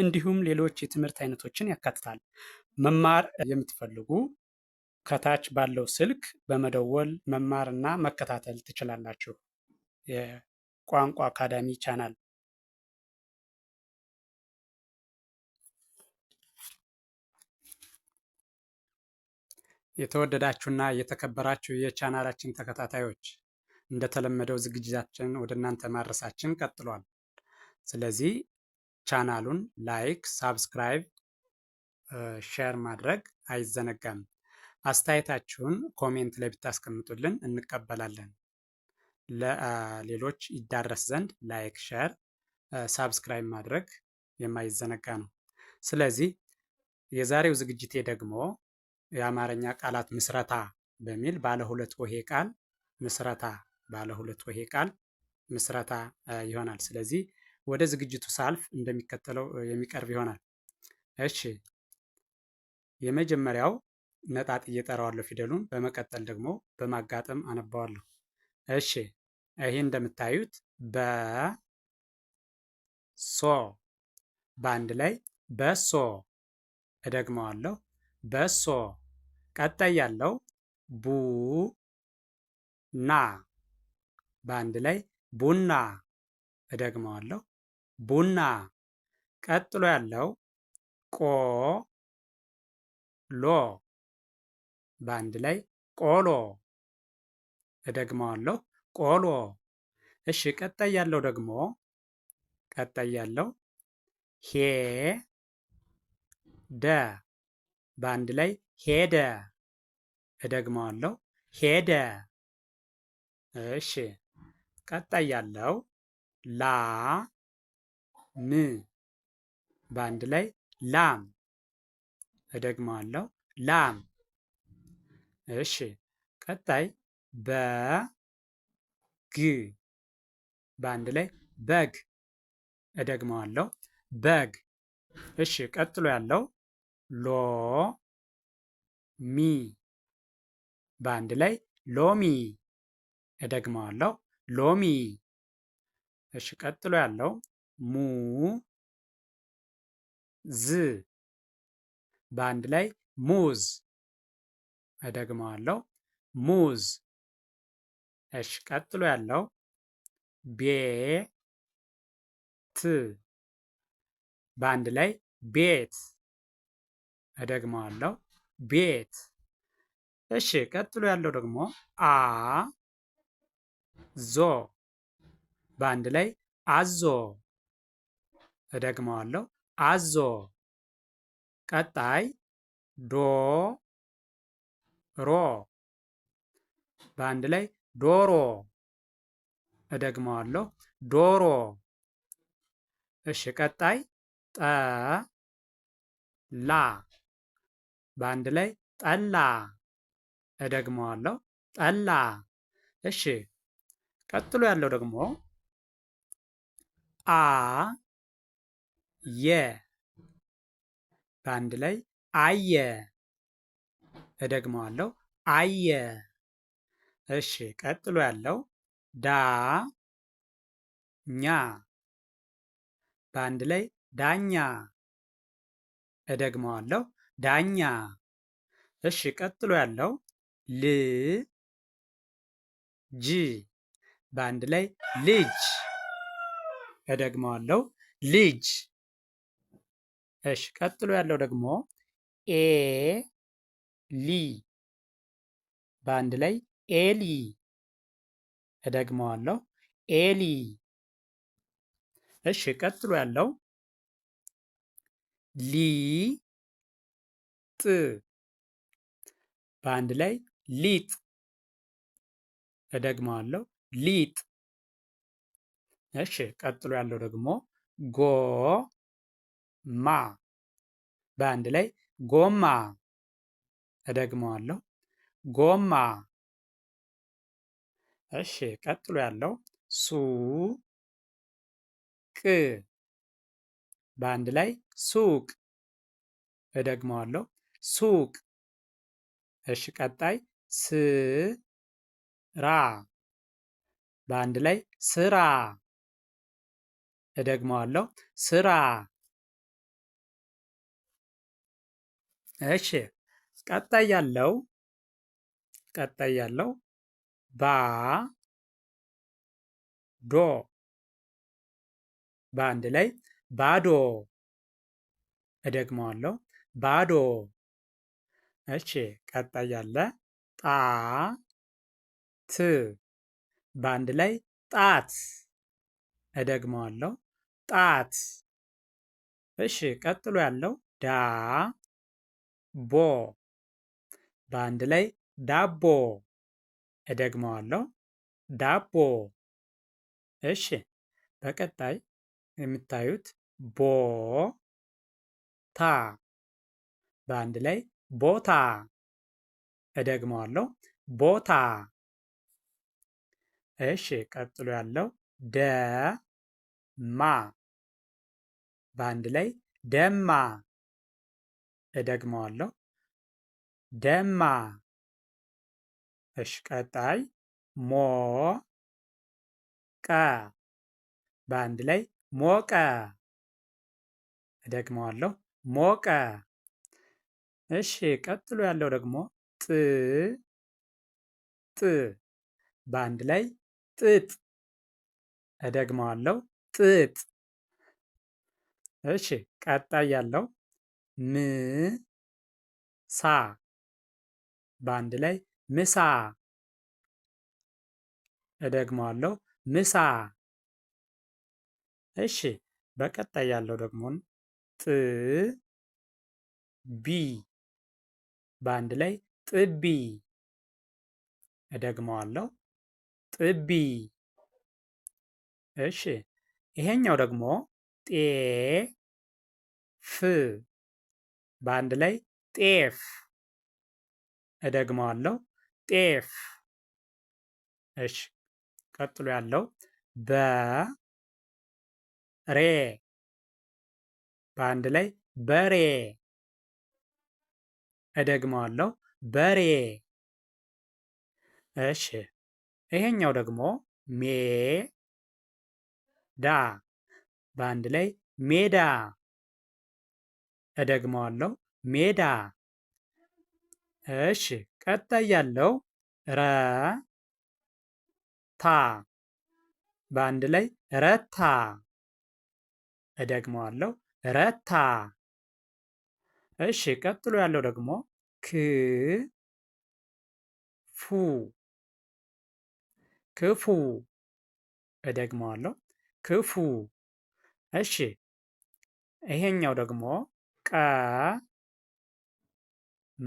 እንዲሁም ሌሎች የትምህርት አይነቶችን ያካትታል። መማር የምትፈልጉ ከታች ባለው ስልክ በመደወል መማርና መከታተል ትችላላችሁ። የቋንቋ አካዳሚ ቻናል የተወደዳችሁና የተከበራችሁ የቻናላችን ተከታታዮች እንደተለመደው ዝግጅታችን ወደ እናንተ ማድረሳችን ቀጥሏል። ስለዚህ ቻናሉን ላይክ፣ ሳብስክራይብ፣ ሼር ማድረግ አይዘነጋም። አስተያየታችሁን ኮሜንት ላይ ብታስቀምጡልን እንቀበላለን። ለሌሎች ይዳረስ ዘንድ ላይክ፣ ሼር፣ ሳብስክራይብ ማድረግ የማይዘነጋ ነው። ስለዚህ የዛሬው ዝግጅቴ ደግሞ የአማርኛ ቃላት ምስረታ በሚል ባለ ሁለት ቃል ምስረታ ባለ ሁለት ወሄ ቃል ምስረታ ይሆናል። ስለዚህ ወደ ዝግጅቱ ሳልፍ እንደሚከተለው የሚቀርብ ይሆናል። እሺ የመጀመሪያው ነጣጥዬ እየጠራዋለሁ ፊደሉን። በመቀጠል ደግሞ በማጋጠም አነባዋለሁ። እሺ ይሄ እንደምታዩት በ ሶ በአንድ ላይ በሶ። እደግመዋለሁ በሶ። ቀጣይ ያለው ቡ ና በአንድ ላይ ቡና። እደግመዋለሁ ቡና። ቀጥሎ ያለው ቆ ሎ በአንድ ላይ ቆሎ። እደግመዋለሁ ቆሎ። እሺ፣ ቀጣይ ያለው ደግሞ ቀጣይ ያለው ሄ ደ በአንድ ላይ ሄደ። እደግመዋለሁ ሄደ። እሺ፣ ቀጣይ ያለው ላ ም በአንድ ላይ ላም። እደግመዋለሁ ላም። እሺ ቀጣይ በግ በአንድ ላይ በግ። እደግመዋለሁ በግ። እሺ ቀጥሎ ያለው ሎ ሚ በአንድ ላይ ሎሚ። እደግመዋለሁ ሎሚ። እሺ ቀጥሎ ያለው ሙ ዝ በአንድ ላይ ሙዝ። እደግመዋለሁ ሙዝ። እሽ፣ ቀጥሎ ያለው ቤት በአንድ ላይ ቤት። እደግመዋለሁ ቤት። እሺ፣ ቀጥሎ ያለው ደግሞ አ ዞ በአንድ ላይ አዞ እደግመዋለሁ። አዞ ቀጣይ ዶ ሮ በአንድ ላይ ዶሮ። እደግመዋለሁ ዶሮ። እሺ ቀጣይ ጠ ላ በአንድ ላይ ጠላ። እደግመዋለሁ ጠላ። እሺ ቀጥሎ ያለው ደግሞ አ የ በአንድ ላይ አየ። እደግመዋለሁ አየ። እሺ ቀጥሎ ያለው ዳ ኛ በአንድ ላይ ዳኛ። እደግመዋለሁ ዳኛ። እሺ ቀጥሎ ያለው ል ጅ በአንድ ላይ ልጅ። እደግመዋለሁ ልጅ። እሺ ቀጥሎ ያለው ደግሞ ኤ ሊ በአንድ ላይ ኤሊ። እደግመዋለሁ ኤሊ። እሺ ቀጥሎ ያለው ሊ ጥ በአንድ ላይ ሊጥ። እደግመዋለሁ ሊጥ። እሺ ቀጥሎ ያለው ደግሞ ጎ ማ በአንድ ላይ ጎማ። እደግመዋለሁ ጎማ። እሺ፣ ቀጥሎ ያለው ሱ ቅ በአንድ ላይ ሱቅ። እደግመዋለሁ ሱቅ። እሺ፣ ቀጣይ ስ ራ በአንድ ላይ ስራ። እደግመዋለሁ ስራ። እሺ ቀጣይ ያለው ቀጣይ ያለው ባ ዶ በአንድ ላይ ባዶ። እደግመዋለሁ ባዶ። እሺ ቀጣይ ያለ ጣ ት በአንድ ላይ ጣት። እደግመዋለሁ ጣት። እሺ ቀጥሎ ያለው ዳ ቦ በአንድ ላይ ዳቦ። እደግመዋለሁ ዳቦ። እሺ፣ በቀጣይ የምታዩት ቦ ታ በአንድ ላይ ቦታ። እደግመዋለሁ ቦታ። እሺ፣ ቀጥሎ ያለው ደማ በአንድ ላይ ደማ እደግመዋለሁ። ደማ። እሽ፣ ቀጣይ ሞ ቀ በአንድ ላይ ሞቀ። እደግመዋለሁ ሞቀ። እሺ፣ ቀጥሎ ያለው ደግሞ ጥ ጥ በአንድ ላይ ጥጥ። እደግመዋለሁ ጥጥ። እሺ፣ ቀጣይ ያለው ምሳ በአንድ ላይ ምሳ። እደግመዋለሁ ምሳ። እሺ በቀጣይ ያለው ደግሞ ጥ ቢ በአንድ ላይ ጥቢ። እደግመዋለሁ ጥቢ። እሺ ይሄኛው ደግሞ ጤ ፍ በአንድ ላይ ጤፍ። እደግመዋለሁ፣ ጤፍ። እሺ፣ ቀጥሎ ያለው በሬ በአንድ ላይ በሬ። እደግመዋለሁ፣ በሬ። እሺ፣ ይሄኛው ደግሞ ሜዳ በአንድ ላይ ሜዳ እደግመዋለሁ ሜዳ። እሺ ቀጣይ ያለው ረ ታ በአንድ ላይ ረታ። እደግመዋለሁ ረታ። እሺ ቀጥሎ ያለው ደግሞ ክ ፉ ክፉ። እደግመዋለሁ ክፉ። እሺ ይሄኛው ደግሞ ቀ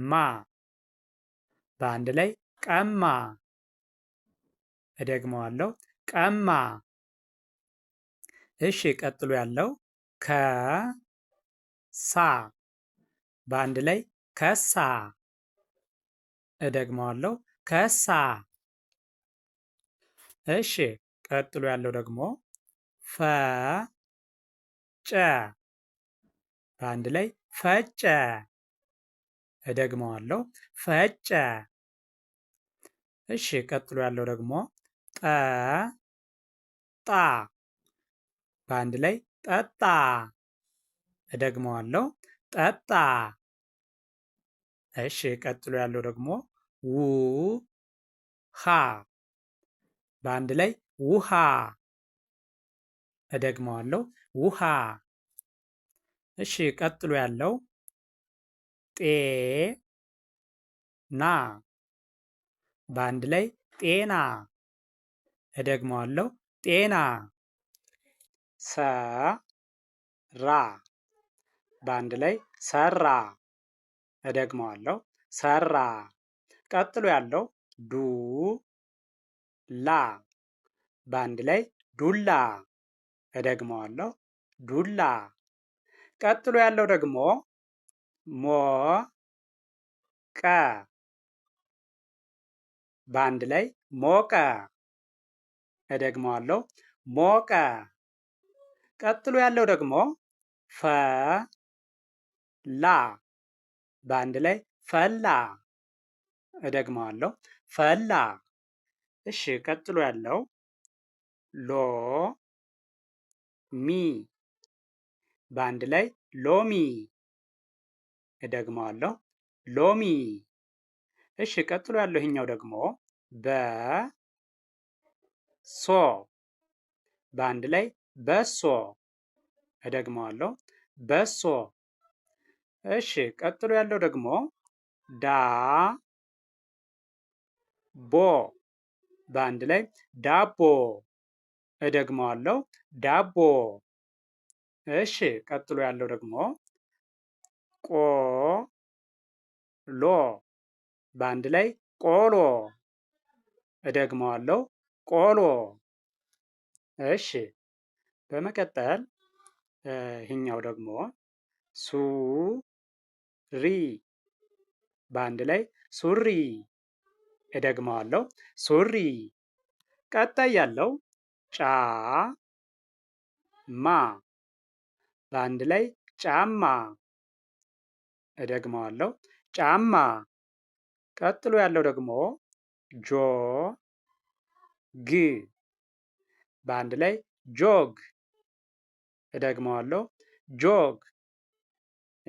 ማ በአንድ ላይ ቀማ። እደግመዋለሁ ቀማ። እሺ፣ ቀጥሎ ያለው ከሳ በአንድ ላይ ከሳ። እደግመዋለሁ ከሳ። እሺ፣ ቀጥሎ ያለው ደግሞ ፈጨ በአንድ ላይ ፈጨ። እደግመዋለሁ፣ ፈጨ። እሺ፣ ቀጥሎ ያለው ደግሞ ጠጣ። በአንድ ላይ ጠጣ። እደግመዋለሁ፣ ጠጣ። እሺ፣ ቀጥሎ ያለው ደግሞ ውሃ። በአንድ ላይ ውሃ። እደግመዋለሁ፣ ውሃ እሺ ቀጥሎ ያለው ጤ ና በአንድ ላይ ጤና። እደግመዋለሁ ጤና። ሰራ በአንድ ላይ ሰራ። እደግመዋለሁ ሰራ። ቀጥሎ ያለው ዱ ላ በአንድ ላይ ዱላ። እደግመዋለሁ ዱላ። ቀጥሎ ያለው ደግሞ ሞ ቀ በአንድ ላይ ሞቀ። እደግመዋለሁ ሞቀ። ቀጥሎ ያለው ደግሞ ፈ ላ በአንድ ላይ ፈላ። እደግመዋለሁ ፈላ። እሺ፣ ቀጥሎ ያለው ሎ ሚ በአንድ ላይ ሎሚ። እደግመዋለሁ ሎሚ። እሺ፣ ቀጥሎ ያለው ይሄኛው ደግሞ በሶ በአንድ ላይ በሶ። እደግመዋለሁ በሶ። እሺ፣ ቀጥሎ ያለው ደግሞ ዳ ቦ በአንድ ላይ ዳቦ። እደግመዋለሁ ዳቦ። እሺ ቀጥሎ ያለው ደግሞ ቆሎ በአንድ ላይ ቆሎ። እደግመዋለሁ ቆሎ። እሺ በመቀጠል ይህኛው ደግሞ ሱሪ በአንድ ላይ ሱሪ። እደግመዋለሁ ሱሪ። ቀጣይ ያለው ጫማ በአንድ ላይ ጫማ። እደግመዋለሁ ጫማ። ቀጥሎ ያለው ደግሞ ጆ ግ በአንድ ላይ ጆግ። እደግመዋለሁ ጆግ።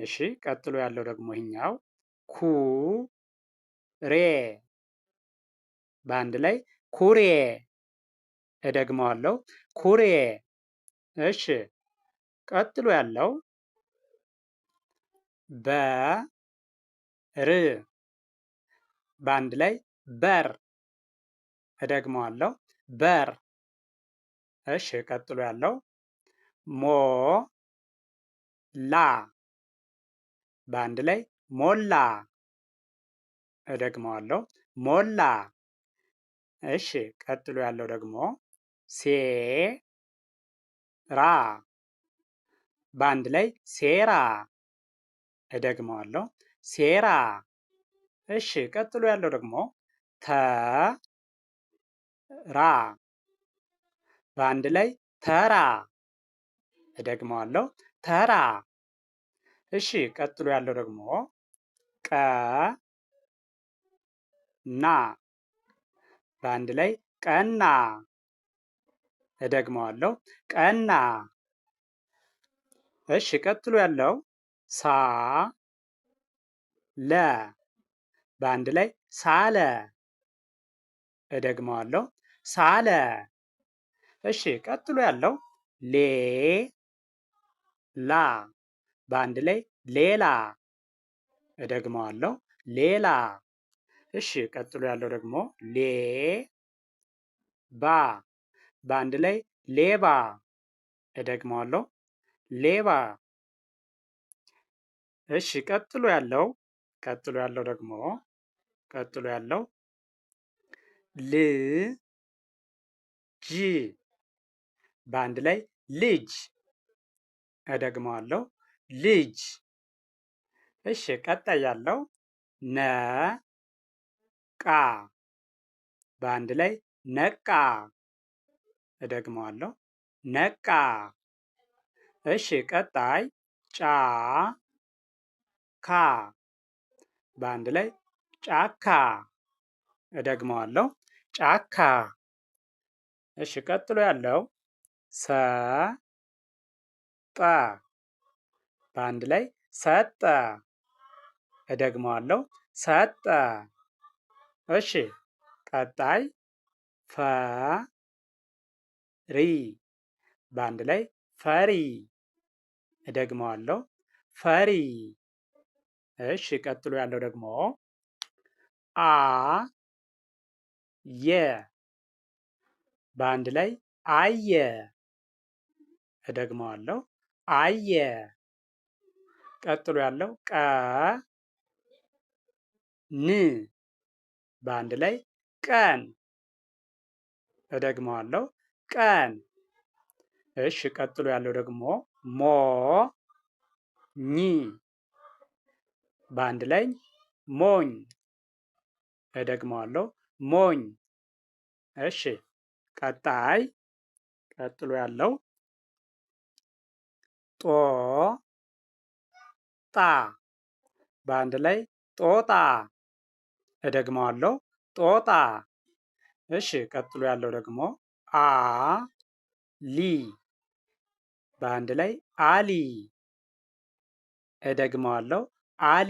እሺ፣ ቀጥሎ ያለው ደግሞ ይሄኛው ኩ ሬ በአንድ ላይ ኩሬ። እደግመዋለሁ ኩሬ። እሺ ቀጥሎ ያለው በር በአንድ ላይ በር። እደግመዋለሁ በር። እሺ፣ ቀጥሎ ያለው ሞ ላ በአንድ ላይ ሞላ። እደግመዋለሁ ሞላ። እሺ፣ ቀጥሎ ያለው ደግሞ ሴ ራ በአንድ ላይ ሴራ። እደግመዋለሁ፣ ሴራ። እሺ፣ ቀጥሎ ያለው ደግሞ ተራ፣ በአንድ ላይ ተራ። እደግመዋለሁ፣ ተራ። እሺ፣ ቀጥሎ ያለው ደግሞ ቀና፣ በአንድ ላይ ቀና። እደግመዋለሁ፣ ቀና። እሺ ቀጥሎ ያለው ሳ ለ በአንድ ላይ ሳለ። እደግመዋለሁ ሳለ። እሺ ቀጥሎ ያለው ሌ ላ በአንድ ላይ ሌላ። እደግመዋለሁ ሌላ። እሺ ቀጥሎ ያለው ደግሞ ሌ ባ በአንድ ላይ ሌባ። እደግመዋለሁ ሌባ። እሺ ቀጥሎ ያለው ቀጥሎ ያለው ደግሞ ቀጥሎ ያለው ል ጅ በአንድ ላይ ልጅ። እደግመዋለሁ ልጅ። እሺ ቀጣይ ያለው ነ ቃ በአንድ ላይ ነቃ። እደግመዋለሁ ነቃ። እሺ ቀጣይ ጫ ካ በአንድ ላይ ጫካ። እደግመዋለሁ ጫካ። እሺ ቀጥሎ ያለው ሰ ጠ በአንድ ላይ ሰጠ። እደግመዋለሁ ሰጠ። እሺ ቀጣይ ፈሪ በአንድ ላይ ፈሪ እደግመዋለሁ፣ ፈሪ። እሺ፣ ቀጥሎ ያለው ደግሞ አ የ በአንድ ላይ አየ። እደግመዋለሁ፣ አየ። ቀጥሎ ያለው ቀ ን በአንድ ላይ ቀን። እደግመዋለሁ፣ ቀን። እሺ ቀጥሎ ያለው ደግሞ ሞ ኝ በአንድ ላይ ሞኝ። እደግመዋለሁ ሞኝ። እሺ ቀጣይ ቀጥሎ ያለው ጦ ጣ በአንድ ላይ ጦጣ። እደግመዋለሁ ጦጣ። እሺ ቀጥሎ ያለው ደግሞ አ ሊ በአንድ ላይ አሊ። እደግመዋለሁ አሊ።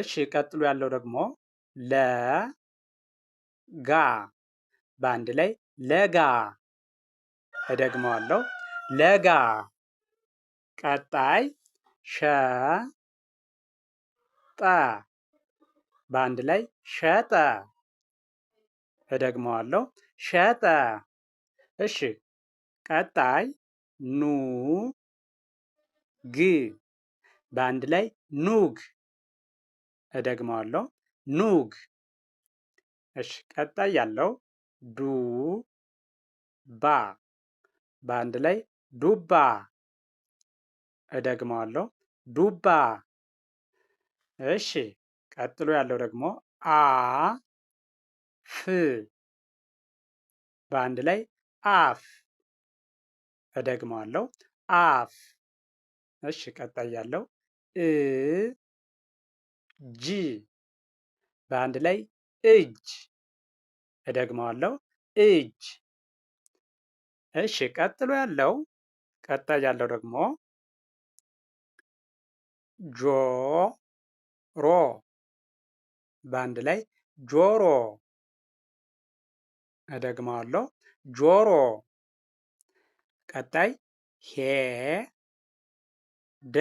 እሺ፣ ቀጥሎ ያለው ደግሞ ለጋ በአንድ ላይ ለጋ። እደግመዋለሁ ለጋ። ቀጣይ ሸጠ በአንድ ላይ ሸጠ። እደግመዋለሁ ሸጠ። እሺ ቀጣይ ኑ ግ በአንድ ላይ ኑግ። እደግመዋለሁ ኑግ። እሺ፣ ቀጣይ ያለው ዱ ባ በአንድ ላይ ዱባ። እደግመዋለሁ ዱባ። እሺ፣ ቀጥሎ ያለው ደግሞ አ ፍ በአንድ ላይ አፍ እደግመዋለሁ። አፍ እሺ፣ ቀጣይ ያለው እ ጂ በአንድ ላይ እጅ። እደግመዋለሁ፣ እጅ። እሺ፣ ቀጥሎ ያለው ቀጣይ ያለው ደግሞ ጆሮ በአንድ ላይ ጆሮ። እደግመዋለሁ፣ ጆሮ። ቀጣይ ሄ ደ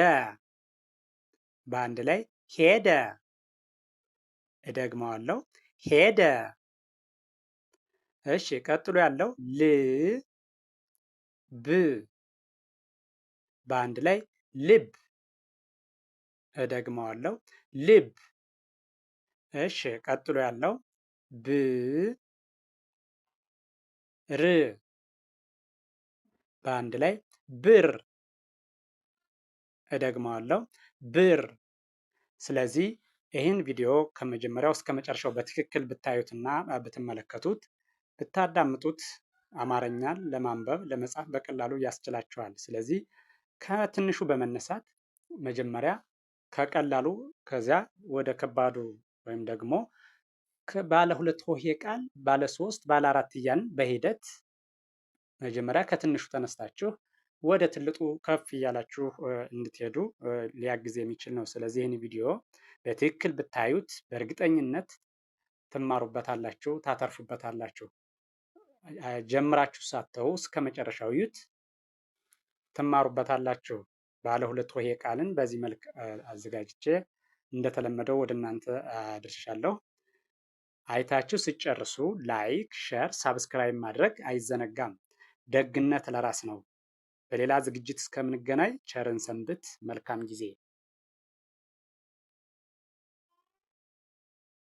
በአንድ ላይ ሄደ። እደግመዋለሁ ሄደ። እሺ፣ ቀጥሎ ያለው ል ብ በአንድ ላይ ልብ። እደግመዋለሁ ልብ። እሺ፣ ቀጥሎ ያለው ብ ር በአንድ ላይ ብር። እደግመዋለሁ ብር። ስለዚህ ይህን ቪዲዮ ከመጀመሪያው እስከ መጨረሻው በትክክል ብታዩትና ብትመለከቱት ብታዳምጡት አማርኛን ለማንበብ ለመጻፍ በቀላሉ ያስችላችኋል። ስለዚህ ከትንሹ በመነሳት መጀመሪያ ከቀላሉ ከዚያ ወደ ከባዱ ወይም ደግሞ ባለ ሁለት ሆሄ ቃል ባለ ሶስት ባለ አራት እያን በሂደት መጀመሪያ ከትንሹ ተነስታችሁ ወደ ትልቁ ከፍ እያላችሁ እንድትሄዱ ሊያግዝ የሚችል ነው። ስለዚህ ይህን ቪዲዮ በትክክል ብታዩት በእርግጠኝነት ትማሩበታላችሁ፣ ታተርፉበታላችሁ። ጀምራችሁ ሳተው እስከ መጨረሻው ዩት ትማሩበታላችሁ። ባለ ሁለት ሆሄ ቃልን በዚህ መልክ አዘጋጅቼ እንደተለመደው ወደ እናንተ አድርሻለሁ። አይታችሁ ሲጨርሱ ላይክ፣ ሸር፣ ሳብስክራይብ ማድረግ አይዘነጋም። ደግነት ለራስ ነው። በሌላ ዝግጅት እስከምንገናኝ ቸርን ሰንብት። መልካም ጊዜ